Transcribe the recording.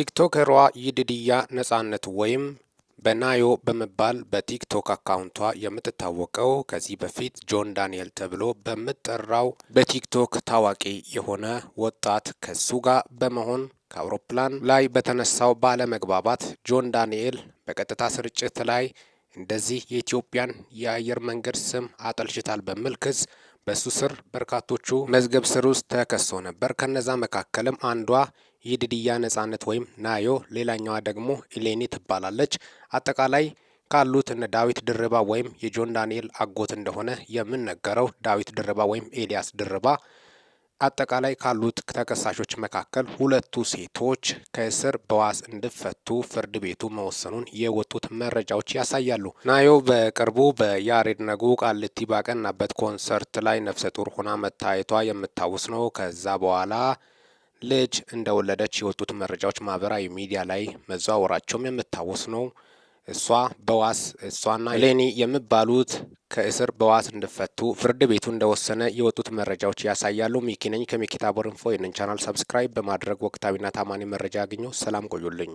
ቲክቶከሯ ይድድያ ነጻነት ወይም በናዮ በመባል በቲክቶክ አካውንቷ የምትታወቀው ከዚህ በፊት ጆን ዳንኤል ተብሎ በምጠራው በቲክቶክ ታዋቂ የሆነ ወጣት ከሱ ጋር በመሆን ከአውሮፕላን ላይ በተነሳው ባለመግባባት ጆን ዳንኤል በቀጥታ ስርጭት ላይ እንደዚህ የኢትዮጵያን የአየር መንገድ ስም አጠልሽታል በሚል ክስ በሱ ስር በርካቶቹ መዝገብ ስር ውስጥ ተከሶ ነበር። ከነዛ መካከልም አንዷ ይድድያ ነጻነት ወይም ናዮ፣ ሌላኛዋ ደግሞ ኢሌኒ ትባላለች። አጠቃላይ ካሉት እነ ዳዊት ድርባ ወይም የጆን ዳንኤል አጎት እንደሆነ የምነገረው ዳዊት ድርባ ወይም ኤልያስ ድርባ አጠቃላይ ካሉት ተከሳሾች መካከል ሁለቱ ሴቶች ከእስር በዋስ እንዲፈቱ ፍርድ ቤቱ መወሰኑን የወጡት መረጃዎች ያሳያሉ። ናዮ በቅርቡ በያሬድ ነጉ ቃልቲ ባቀናበት ኮንሰርት ላይ ነፍሰ ጡር ሆና መታየቷ የምታወስ ነው። ከዛ በኋላ ልጅ እንደወለደች የወጡት መረጃዎች ማህበራዊ ሚዲያ ላይ መዘዋወራቸውም የምታወስ ነው። እሷ በዋስ እሷና ሌኒ የሚባሉት ከእስር በዋስ እንድፈቱ ፍርድ ቤቱ እንደወሰነ የወጡት መረጃዎች ያሳያሉ። ሚኪነኝ ከሚኪታ ቦርንፎ። ይህንን ቻናል ሰብስክራይብ በማድረግ ወቅታዊና ታማኒ መረጃ ያግኙ። ሰላም ቆዩልኝ።